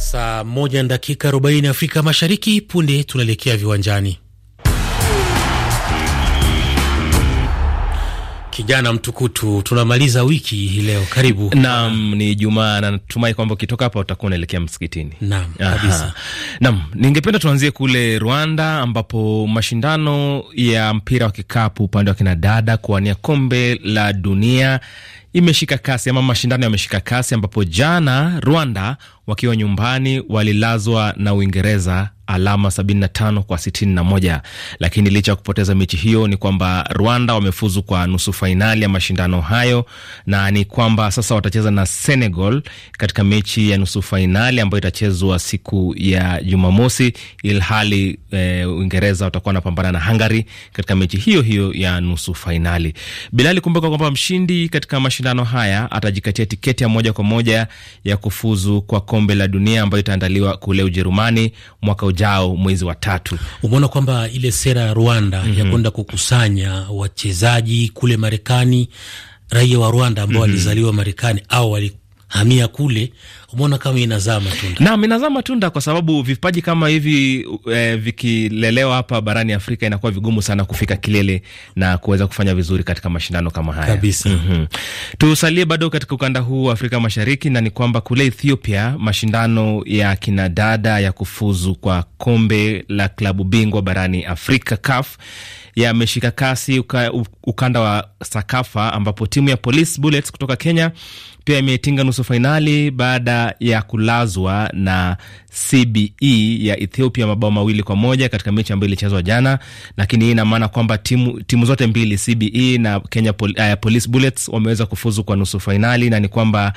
Saa moja na dakika 40 Afrika Mashariki. Punde tunaelekea viwanjani. Kijana mtukutu, tunamaliza wiki hii leo. Karibu. Naam, ni Jumaa na natumai kwamba ukitoka hapa utakuwa unaelekea msikitini. Naam, kabisa. Naam, ningependa tuanzie kule Rwanda ambapo mashindano ya mpira wa kikapu upande wa kinadada kuwania kombe la dunia imeshika kasi ama mashindano yameshika kasi, ambapo jana Rwanda wakiwa nyumbani walilazwa na Uingereza alama 75 kwa 61. Lakini licha ya kupoteza mechi hiyo, ni kwamba Rwanda wamefuzu kwa nusu fainali ya mashindano hayo, na ni kwamba sasa watacheza na Senegal katika mechi ya nusu fainali ambayo itachezwa siku ya Jumamosi, ilhali eh, Uingereza watakuwa wanapambana na Hungary katika mechi hiyo hiyo ya nusu fainali. Bilali, kumbuka kwamba mshindi katika mashindano haya atajikatia tiketi ya moja kwa moja ya kufuzu kwa kombe la dunia ambayo itaandaliwa kule Ujerumani mwaka ujao mwezi wa tatu. Umeona kwamba ile sera ya Rwanda mm -hmm. ya mhm. kwenda kukusanya wachezaji kule Marekani, raia wa Rwanda ambao mm -hmm. walizaliwa Marekani au walihamia kule umeona kama inazaa matunda? Naam, inazaa matunda kwa sababu vipaji kama hivi e, vikilelewa hapa barani Afrika inakuwa vigumu sana kufika kilele na kuweza kufanya vizuri katika mashindano kama haya kabisa. mm -hmm. Tusalie bado katika ukanda huu wa Afrika Mashariki, na ni kwamba kule Ethiopia mashindano ya kinadada ya kufuzu kwa kombe la klabu bingwa barani Afrika CAF yameshika kasi uka, ukanda wa Sakafa ambapo timu ya Police Bullets kutoka Kenya pia imetinga nusu fainali baada ya kulazwa na CBE ya Ethiopia mabao mawili kwa moja katika mechi ambayo ilichezwa jana, lakini hii ina maana kwamba timu, timu zote mbili CBE na Kenya Pol, uh, Police Bullets wameweza kufuzu kwa nusu fainali, na ni kwamba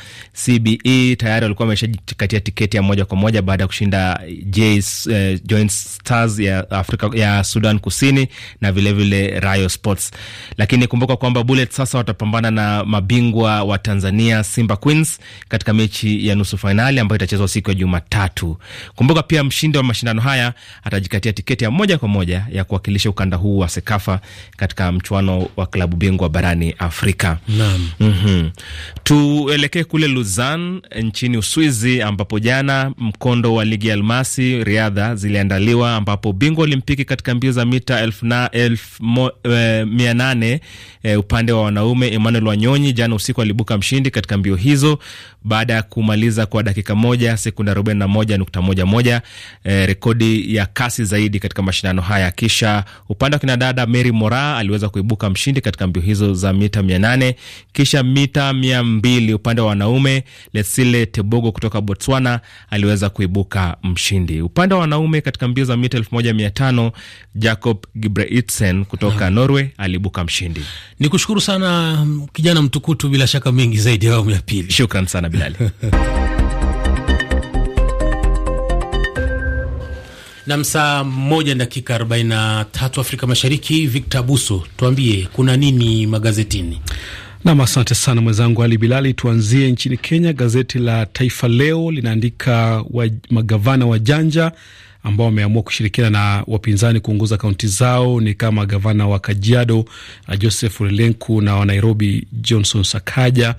CBE tayari walikuwa wameshajikatia tiketi ya moja kwa moja baada ya kushinda Jays, uh, Joint Stars ya Afrika ya Sudan Kusini na vilevile vile Rayo Sports, lakini kumbuka kwamba Bullets sasa watapambana na mabingwa wa Tanzania Simba Queens katika mechi ya nusu nusu fainali ambayo itachezwa siku ya Jumatatu. Kumbuka pia mshindi wa mashindano haya atajikatia tiketi ya moja kwa moja ya kuwakilisha ukanda huu wa SEKAFA katika mchuano wa klabu bingwa barani Afrika. Naam. Mm -hmm. Tuelekee kule Luzan nchini Uswizi ambapo jana mkondo wa ligi ya almasi riadha ziliandaliwa ambapo bingwa olimpiki katika mbio za mita elfu na elfu eh, mia nane e, upande wa wanaume Emmanuel Wanyonyi jana usiku alibuka mshindi katika mbio hizo baada ya kumaliza alicheza kwa dakika moja sekunde moja e, rekodi ya kasi zaidi katika mashindano haya. Kisha upande wa kinadada Mary Mora aliweza kuibuka mshindi katika mbio hizo za mita mia nane kisha mita mia mbili upande wa wanaume Letsile Tebogo kutoka Botswana aliweza kuibuka mshindi. Upande wa wanaume katika mbio za mita elfu moja mia tano Jacob Gibreitsen kutoka no. Norway aliibuka mshindi. Ni kushukuru sana kijana mtukutu, bila shaka mengi zaidi ya awamu ya pili. Shukran sana Bilali. na saa moja dakika 43 Afrika Mashariki. Victor Buso, tuambie kuna nini magazetini? Nam, asante sana mwenzangu Ali Bilali. Tuanzie nchini Kenya. Gazeti la Taifa Leo linaandika wa, magavana ambao wameamua kushirikiana na wapinzani kuongoza kaunti zao ni kama gavana wa Kajiado uh, Joseph Lelenku na wa Nairobi Johnson Sakaja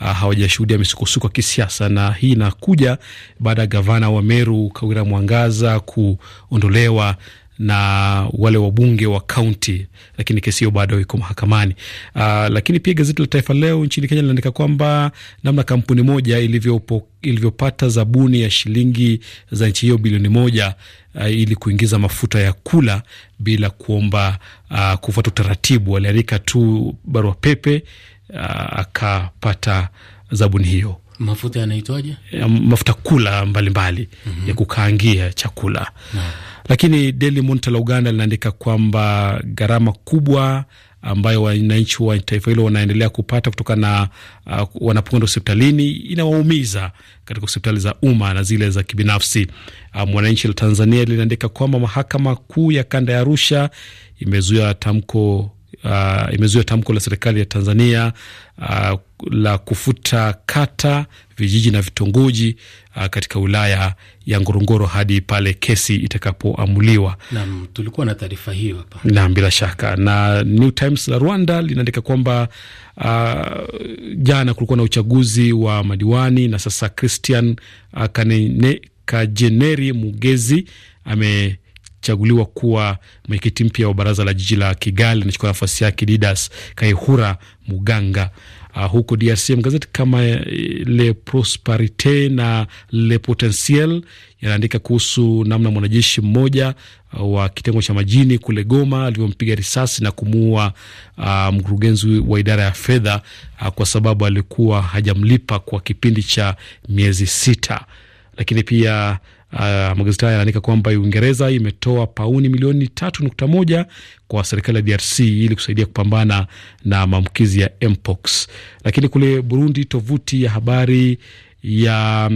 uh, hawajashuhudia misukosuko ya kisiasa, na hii inakuja baada ya gavana wa Meru Kawira Mwangaza kuondolewa na wale wabunge wa kaunti, lakini kesi hiyo bado iko mahakamani. Uh, lakini pia gazeti la Taifa Leo nchini Kenya linaandika kwamba namna kampuni moja ilivyopo, ilivyopata zabuni ya shilingi za nchi hiyo bilioni moja uh, ili kuingiza mafuta ya kula bila kuomba uh, kufuata utaratibu. Aliandika tu barua pepe uh, akapata zabuni hiyo mafuta yanaitwaje? Mafuta kula mbalimbali mbali, mm -hmm. ya kukaangia chakula nah. Lakini Daily Monitor la Uganda linaandika kwamba gharama kubwa ambayo wananchi wa taifa hilo wanaendelea kupata kutokana na uh, wanapokwenda hospitalini inawaumiza katika hospitali za umma na zile za kibinafsi. Uh, Mwananchi um, la Tanzania linaandika kwamba mahakama kuu ya kanda ya Arusha imezuia tamko uh, imezuia tamko la serikali ya Tanzania uh, la kufuta kata, vijiji na vitongoji uh, katika wilaya ya Ngorongoro hadi pale kesi itakapoamuliwa. Naam, tulikuwa na taarifa hiyo hapa. Naam, bila shaka. Na New Times la Rwanda linaandika kwamba uh, jana kulikuwa na uchaguzi wa madiwani na sasa Christian uh, Kajeneri Mugezi ame kuchaguliwa kuwa mwenyekiti mpya wa baraza la jiji la Kigali. Anachukua nafasi yake Didas Kaihura Muganga. Uh, huko DRC magazeti kama eh, Le Prosperite na Le Potentiel yanaandika kuhusu namna mwanajeshi mmoja uh, wa kitengo cha majini kule Goma alivyompiga risasi na kumuua uh, mkurugenzi wa idara ya fedha uh, kwa sababu alikuwa hajamlipa kwa kipindi cha miezi sita, lakini pia Uh, magazeti haya yanaandika kwamba Uingereza imetoa pauni milioni tatu nukta moja kwa serikali ya DRC ili kusaidia kupambana na maambukizi ya mpox. Lakini kule Burundi, tovuti ya habari ya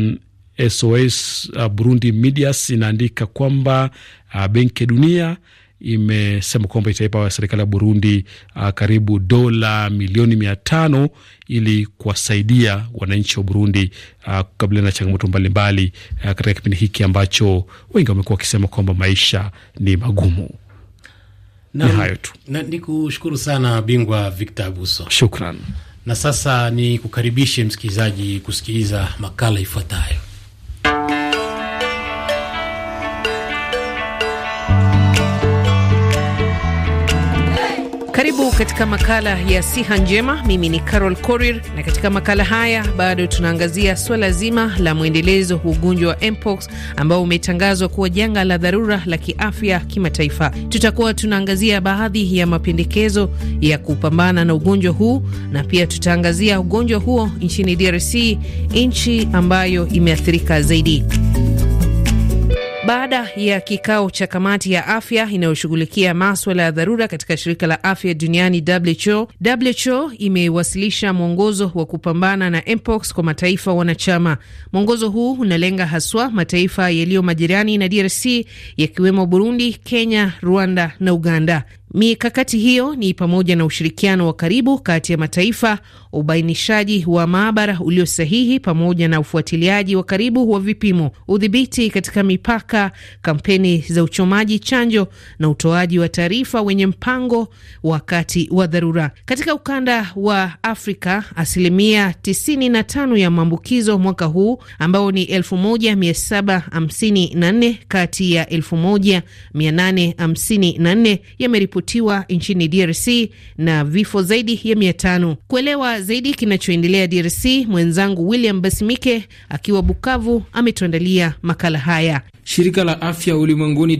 SOS mm, ah, Burundi Medias inaandika kwamba uh, Benki ya Dunia imesema kwamba itaipa serikali ya Burundi uh, karibu dola milioni mia tano ili kuwasaidia wananchi wa Burundi uh, kukabiliana na changamoto mbalimbali uh, katika kipindi hiki ambacho wengi wamekuwa wakisema kwamba maisha ni magumu. Ni hayo tu, ni kushukuru sana bingwa Victor Abuso, shukran. Na sasa ni kukaribishe msikilizaji kusikiliza makala ifuatayo. Karibu katika makala ya siha njema. Mimi ni Carol Korir, na katika makala haya bado tunaangazia suala zima la mwendelezo wa ugonjwa wa mpox ambao umetangazwa kuwa janga la dharura la kiafya kimataifa. Tutakuwa tunaangazia baadhi ya mapendekezo ya kupambana na ugonjwa huu na pia tutaangazia ugonjwa huo nchini DRC, nchi ambayo imeathirika zaidi. Baada ya kikao cha kamati ya afya inayoshughulikia maswala ya dharura katika shirika la afya duniani WHO, WHO imewasilisha mwongozo wa kupambana na mpox kwa mataifa wanachama. Mwongozo huu unalenga haswa mataifa yaliyo majirani na DRC yakiwemo Burundi, Kenya, Rwanda na Uganda. Mikakati hiyo ni pamoja na ushirikiano wa karibu kati ya mataifa, ubainishaji wa maabara ulio sahihi, pamoja na ufuatiliaji wa karibu wa vipimo, udhibiti katika mipaka, kampeni za uchomaji chanjo na utoaji wa taarifa wenye mpango wakati wa dharura. Katika ukanda wa Afrika, asilimia 95 ya maambukizo mwaka huu ambao ni 1754 kati ya 1854 yameripotiwa wameripotiwa nchini DRC na vifo zaidi ya mia tano. Kuelewa zaidi kinachoendelea DRC, mwenzangu William Basimike akiwa Bukavu ametuandalia makala haya. Shirika la afya ulimwenguni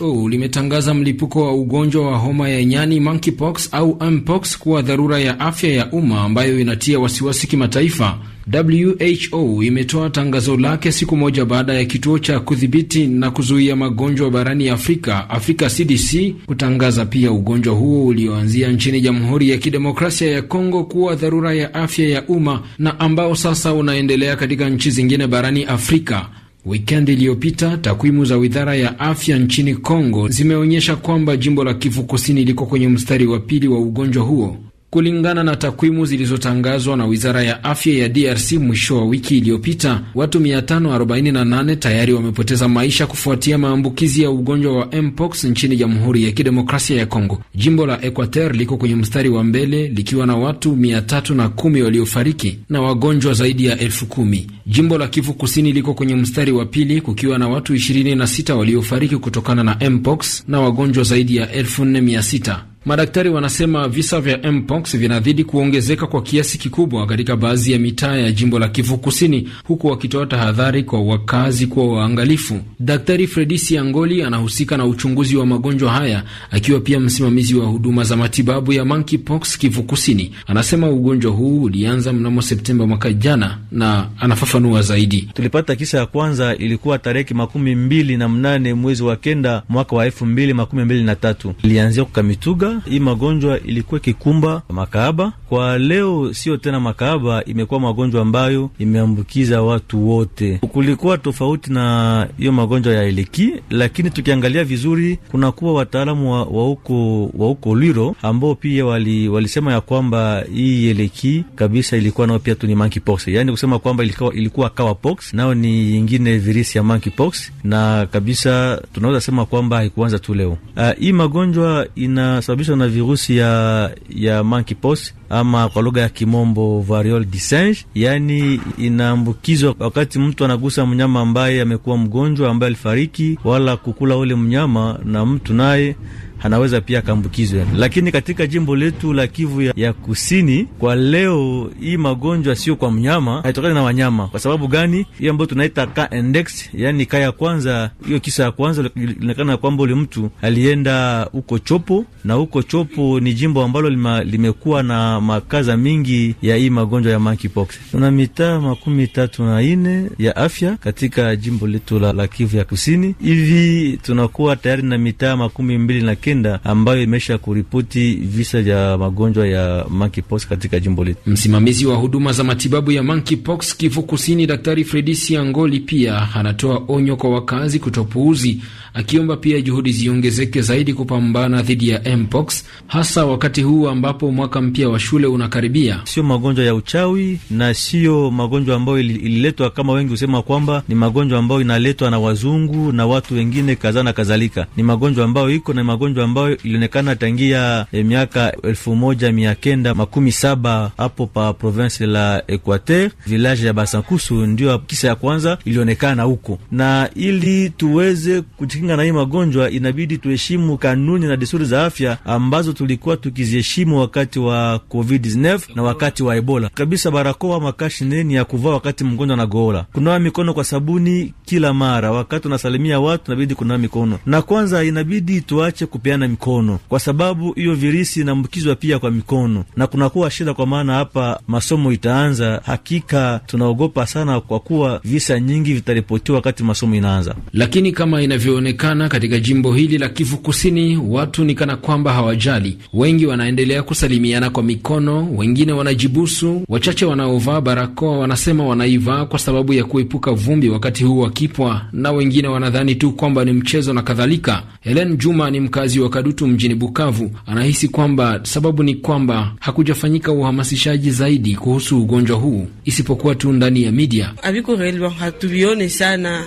WHO limetangaza mlipuko wa ugonjwa wa homa ya nyani monkeypox au mpox kuwa dharura ya afya ya umma ambayo inatia wasiwasi kimataifa. WHO imetoa tangazo lake siku moja baada ya kituo cha kudhibiti na kuzuia magonjwa barani Afrika, Afrika CDC, kutangaza pia ugonjwa huo ulioanzia nchini Jamhuri ya Kidemokrasia ya Kongo kuwa dharura ya afya ya umma na ambao sasa unaendelea katika nchi zingine barani Afrika. Wikendi iliyopita takwimu za wizara ya afya nchini Kongo zimeonyesha kwamba jimbo la Kivu Kusini liko kwenye mstari wa pili wa ugonjwa huo. Kulingana na takwimu zilizotangazwa na wizara ya afya ya DRC mwisho wa wiki iliyopita, watu 548 tayari wamepoteza maisha kufuatia maambukizi ya ugonjwa wa mpox nchini Jamhuri ya Kidemokrasia ya Kongo. Jimbo la Equateur liko kwenye mstari wa mbele likiwa na watu 310 waliofariki na wagonjwa zaidi ya elfu kumi. Jimbo la Kivu Kusini liko kwenye mstari wa pili kukiwa na watu 26 waliofariki kutokana na mpox na wagonjwa zaidi ya elfu nne mia sita. Madaktari wanasema visa vya mpox vinazidi kuongezeka kwa kiasi kikubwa katika baadhi ya mitaa ya jimbo la Kivu Kusini, huku wakitoa tahadhari kwa wakazi kuwa waangalifu. Daktari Fredisi Angoli anahusika na uchunguzi wa magonjwa haya akiwa pia msimamizi wa huduma za matibabu ya monkeypox Kivu Kusini. Anasema ugonjwa huu ulianza mnamo Septemba mwaka jana na anafafanua zaidi. Tulipata kisa ya kwanza ilikuwa tarehe makumi mbili na mnane mwezi wa kenda mwaka wa elfu mbili makumi mbili na tatu ilianzia kukamituga hii magonjwa ilikuwa ikikumba makaaba, kwa leo sio tena makaaba, imekuwa magonjwa ambayo imeambukiza watu wote. Kulikuwa tofauti na hiyo magonjwa ya eleki, lakini tukiangalia vizuri, kunakuwa wataalamu wa huko wa huko Lwiro ambao pia wali, walisema ya kwamba hii eleki kabisa ilikuwa nao pia tu ni monkeypox, yaani kusema kwamba ilikuwa, ilikuwa kawa pox, nao ni yingine virusi ya monkeypox, na kabisa tunaweza sema kwamba haikuanza tu leo. Uh, hii magonjwa ina zinasababishwa na virusi ya, ya monkeypox ama kwa lugha ya kimombo variole du singe, yani inaambukizwa wakati mtu anagusa mnyama ambaye amekuwa mgonjwa ambaye alifariki, wala kukula ule mnyama na mtu naye anaweza pia akaambukizwa. Lakini katika jimbo letu la Kivu ya, ya kusini kwa leo hii magonjwa sio kwa mnyama, haitokani na wanyama. Kwa sababu gani? Hiyo ambayo tunaita ka index, yani ka ya kwanza, hiyo kisa ya kwanza ilionekana kwamba ule mtu alienda huko Chopo, na huko Chopo ni jimbo ambalo lima, limekuwa na makaza mingi ya hii magonjwa ya monkeypox. Tuna mitaa makumi tatu na ine ya afya katika jimbo letu la, la Kivu ya kusini. Hivi tunakuwa tayari na mitaa makumi mbili na kenda ambayo imesha kuripoti visa vya magonjwa ya monkeypox katika jimbo letu. Msimamizi wa huduma za matibabu ya monkeypox Kivu Kusini, Daktari Fredi Siangoli, pia anatoa onyo kwa wakazi kutopuuzi akiomba pia juhudi ziongezeke zaidi kupambana dhidi ya mpox, hasa wakati huu ambapo mwaka mpya wa shule unakaribia. Sio magonjwa ya uchawi na sio magonjwa ambayo ililetwa kama wengi husema kwamba ni magonjwa ambayo inaletwa na wazungu na watu wengine kadhaa na kadhalika. Ni magonjwa ambayo iko na magonjwa ambayo ilionekana tangia eh, miaka elfu moja mia kenda makumi saba hapo pa province la Equateur village ya Basankusu, ndio kisa ya kwanza ilionekana huko, na ili tuweze kujikinga kujikinga na hii magonjwa, inabidi tuheshimu kanuni na desturi za afya ambazo tulikuwa tukiziheshimu wakati wa COVID-19 na wakati wa Ebola. Kabisa barakoa makashi neni ya kuvaa wakati mgonjwa anagoola, kunawa mikono kwa sabuni kila mara, wakati unasalimia watu inabidi kunawa mikono. Na kwanza inabidi tuache kupeana mikono, kwa sababu hiyo virusi inaambukizwa pia kwa mikono, na kunakuwa shida, kwa maana hapa masomo itaanza. Hakika tunaogopa sana, kwa kuwa visa nyingi vitaripotiwa wakati masomo inaanza, lakini kama inavyoonekana inaonekana katika jimbo hili la Kivu Kusini, watu ni kana kwamba hawajali. Wengi wanaendelea kusalimiana kwa mikono, wengine wanajibusu. Wachache wanaovaa barakoa wanasema wanaivaa kwa sababu ya kuepuka vumbi wakati huu wakipwa, na wengine wanadhani tu kwamba ni mchezo na kadhalika. Helen Juma ni mkazi wa Kadutu mjini Bukavu, anahisi kwamba sababu ni kwamba hakujafanyika uhamasishaji zaidi kuhusu ugonjwa huu isipokuwa tu ndani ya midia. Abiko relwa hatuvione sana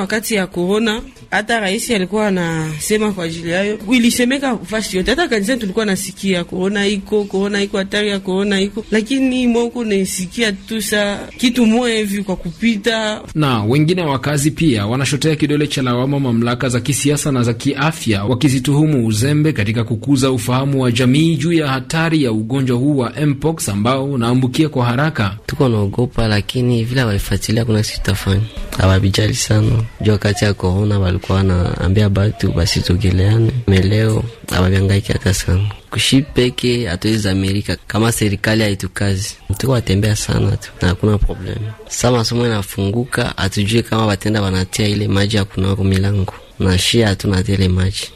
wakati ya korona hata rais alikuwa anasema kwa ajili yayo, ilisemeka fasi yote, hata kanisani tulikuwa nasikia korona iko, korona iko, hatari ya korona iko, lakini moko naisikia tu sa kitu moja hivi kwa kupita. Na wengine wakazi pia wanashotea kidole cha lawama mamlaka za kisiasa na za kiafya, wakizituhumu uzembe katika kukuza ufahamu wa jamii juu ya hatari ya ugonjwa huu wa mpox ambao unaambukia kwa haraka. Tuko naogopa, lakini vile waifuatilia kuna sitafanya, hawavijali sana juu wakati ya korona walikuwa na tunaambia batu basizogeleane meleo ababyangaiki hata sana kushi peke hatuwezi Amerika kama serikali haitukazi mtuko watembea sana tu na hakuna problemu. Sa masomo inafunguka, hatujue kama batenda wanatia ile maji ya kunako milango na shia hatuna tele maji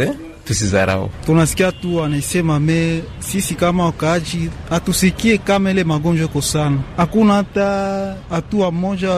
eh? tusizarau. Tunasikia tu wanasema me sisi kama wakaaji hatusikie kama ile magonjwa iko sana, hakuna hata hatua moja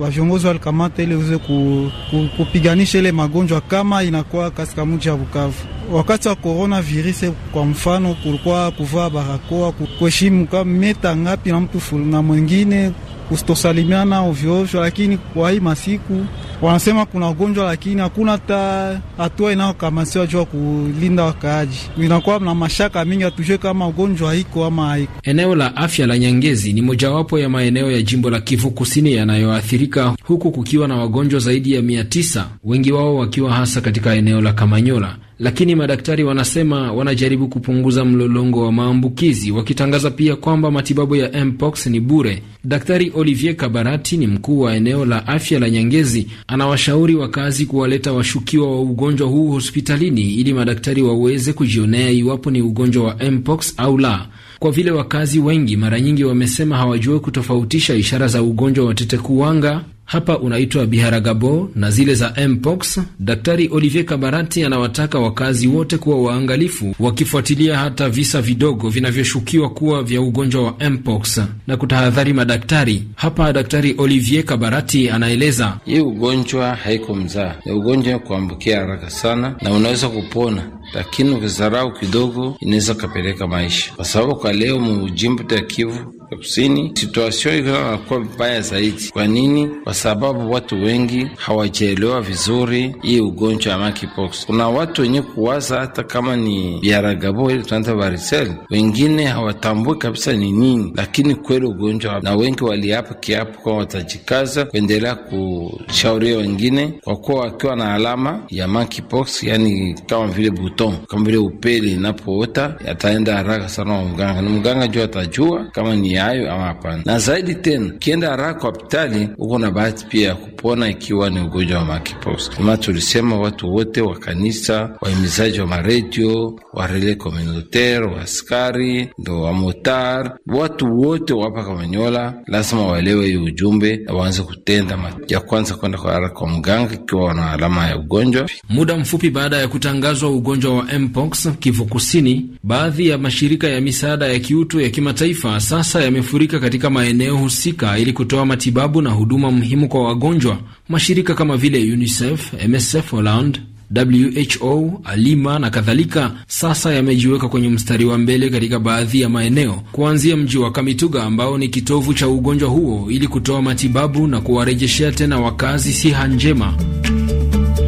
wa viongozi walikamata ili uweze ku, ku, kupiganisha ile magonjwa kama inakuwa katika mji ya Bukavu wakati wa korona virusi. Kwa mfano kulikuwa kuvaa barakoa, kuheshimu meta ngapi na mtu na mwingine kutosalimiana ovyoovyo, lakini kwa hii masiku wanasema kuna ugonjwa, lakini hakuna hata hatua inayokamasiwa juu ya kulinda wakaaji. Inakuwa na mashaka mingi, hatujue kama ugonjwa iko ama haiko. Eneo la afya la Nyangezi ni mojawapo ya maeneo ya jimbo la Kivu Kusini yanayoathirika, huku kukiwa na wagonjwa zaidi ya mia tisa, wengi wao wakiwa hasa katika eneo la Kamanyola lakini madaktari wanasema wanajaribu kupunguza mlolongo wa maambukizi, wakitangaza pia kwamba matibabu ya mpox ni bure. Daktari Olivier Kabarati ni mkuu wa eneo la afya la Nyangezi, anawashauri wakazi kuwaleta washukiwa wa ugonjwa huu hospitalini ili madaktari waweze kujionea iwapo ni ugonjwa wa mpox au la, kwa vile wakazi wengi mara nyingi wamesema hawajue kutofautisha ishara za ugonjwa wa tetekuwanga hapa unaitwa Biharagabo na zile za mpox. Daktari Olivier Kabarati anawataka wakazi wote kuwa waangalifu, wakifuatilia hata visa vidogo vinavyoshukiwa kuwa vya ugonjwa wa mpox na kutahadhari madaktari. Hapa Daktari Olivier Kabarati anaeleza hii ugonjwa haiko mzaa, ni ugonjwa kuambukia haraka sana na unaweza kupona, lakini ukizarau kidogo inaweza kapeleka maisha, kwa sababu kwa leo mujimbo ta Kivu Afrika Kusini, situasio hiyo inakuwa mbaya zaidi. Kwa nini? Kwa sababu watu wengi hawajaelewa vizuri hii ugonjwa ya monkeypox. Kuna watu wenye kuwaza hata kama ni biaragabo ili tunaita varisel, wengine hawatambui kabisa ni nini, lakini kweli ugonjwa, na wengi waliapa kiapo kwa watajikaza kuendelea kushauria wengine, kwa kuwa wakiwa na alama ya monkeypox, yani kama vile buton, kama vile upele inapoota, ataenda haraka sana wa mganga, na mganga juu atajua kama ni hayo ama hapana. Na zaidi tena, ukienda haraka hospitali, uko na bahati pia ya kupona ikiwa ni ugonjwa wa monkeypox. Kama tulisema, watu wote wa kanisa, wahimizaji wa maredio, wa relais communautaire, wa askari, ndo wa motar, watu wote wapa Kamanyola lazima waelewe hiyo ujumbe na waanze kutenda ya kwanza kwenda kwa haraka kwa mganga ikiwa wana alama ya ugonjwa. Muda mfupi baada ya kutangazwa ugonjwa wa mpox Kivu Kusini, baadhi ya mashirika ya misaada ya kiutu ya kimataifa sasa yamefurika katika maeneo husika ili kutoa matibabu na huduma muhimu kwa wagonjwa. Mashirika kama vile UNICEF, MSF Holland, WHO, Alima na kadhalika sasa yamejiweka kwenye mstari wa mbele katika baadhi ya maeneo, kuanzia mji wa Kamituga ambao ni kitovu cha ugonjwa huo, ili kutoa matibabu na kuwarejeshea tena wakazi siha njema.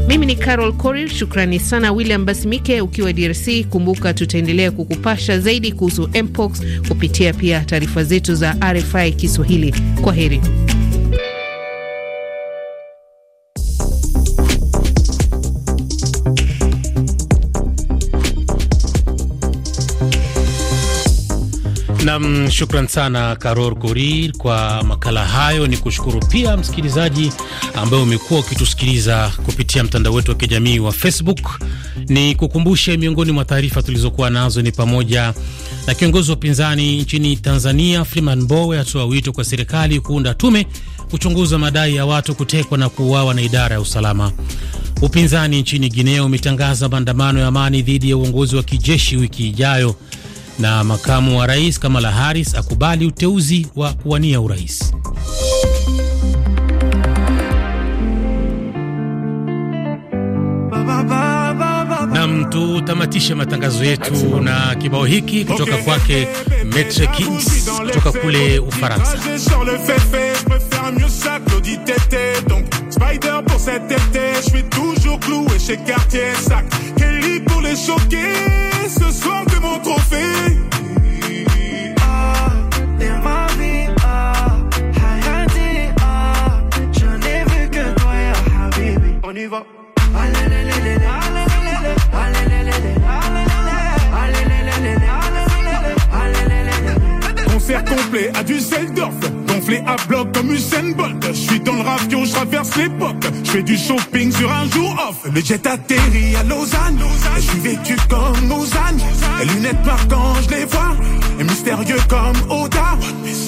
Mimi ni Carol Coril. Shukrani sana William Basimike ukiwa DRC. Kumbuka tutaendelea kukupasha zaidi kuhusu mpox kupitia pia taarifa zetu za RFI Kiswahili. Kwa heri. Nam, shukran sana Karor Korir kwa makala hayo. Ni kushukuru pia msikilizaji ambaye umekuwa ukitusikiliza kupitia mtandao wetu wa kijamii wa Facebook. Ni kukumbushe miongoni mwa taarifa tulizokuwa nazo ni pamoja na kiongozi wa upinzani nchini Tanzania Freeman Mbowe atoa wito kwa serikali kuunda tume kuchunguza madai ya watu kutekwa na kuuawa na idara ya usalama. Upinzani nchini Guinea umetangaza maandamano ya amani dhidi ya uongozi wa kijeshi wiki ijayo na makamu wa rais Kamala Harris akubali uteuzi wa kuwania urais. Nam, tutamatishe matangazo yetu na kibao hiki kutoka kwake Metre Kings kutoka kule Ufaransa. choqué ce soir de mon trophée. On y va. Concert complet à Düsseldorf à bloc comme Usain Bolt. Je suis dans le ravio, je traverse l'époque. Je fais du shopping sur un jour off. Mais jet atterri à Lausanne. Je suis vêtu comme Lausanne. Les lunettes marquantes, je les vois. Et mystérieux comme Oda.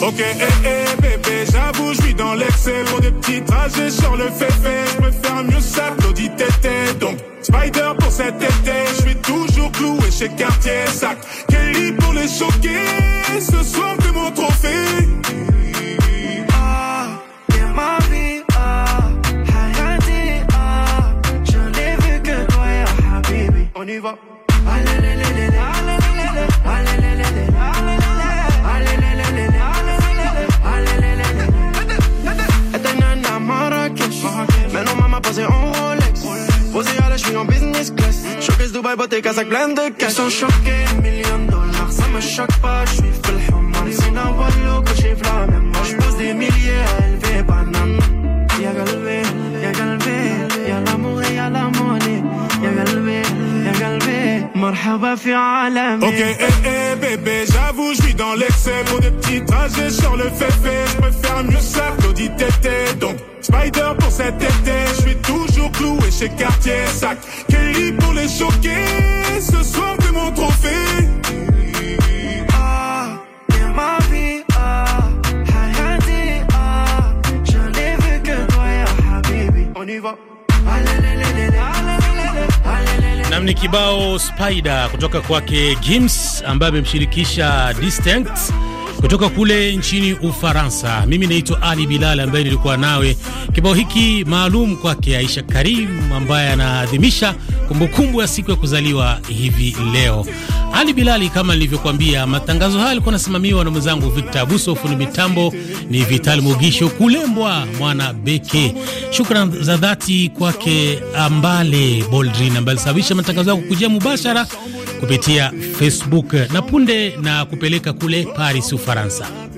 Ok, eh, hé, eh, bébé, j'avoue, je suis dans l'excès. Pour des petits trajets sur le féfé. Je préfère mieux ça Claudie tété. Donc, Spider pour cet été. Je suis toujours cloué chez Cartier. Sac Kelly pour les choquer. Elles sont choqués, millions de dollars, ça me choque pas. Ok, hé eh, hey, eh, bébé, j'avoue, je suis dans l'excès. Pour des petits trajets sur le fait je préfère mieux ça l'audit Tété. Donc, Spider pour cet été, je suis toujours cloué chez Cartier. Sac, Kelly pour les choquer. Ce soir, c'est mon trophée. Ah, ma vie, ah. ah. On y va. namni kibao Spider kutoka kwake Gims ambaye amemshirikisha Distinct kutoka kule nchini Ufaransa. Mimi naitwa Ali Bilal ambaye nilikuwa nawe. Kibao hiki maalum kwake Aisha Karim ambaye anaadhimisha kumbukumbu ya siku ya kuzaliwa hivi leo. Ali Bilali, kama nilivyokuambia, matangazo haya yalikuwa nasimamiwa na mwenzangu Victor Abuso, fundi mitambo ni Vital Mugisho Kulembwa mwana Beke. Shukran za dhati kwake Ambale Boldrin ambaye alisababisha matangazo yao kukujia mubashara kupitia Facebook na punde na kupeleka kule Paris, Ufaransa.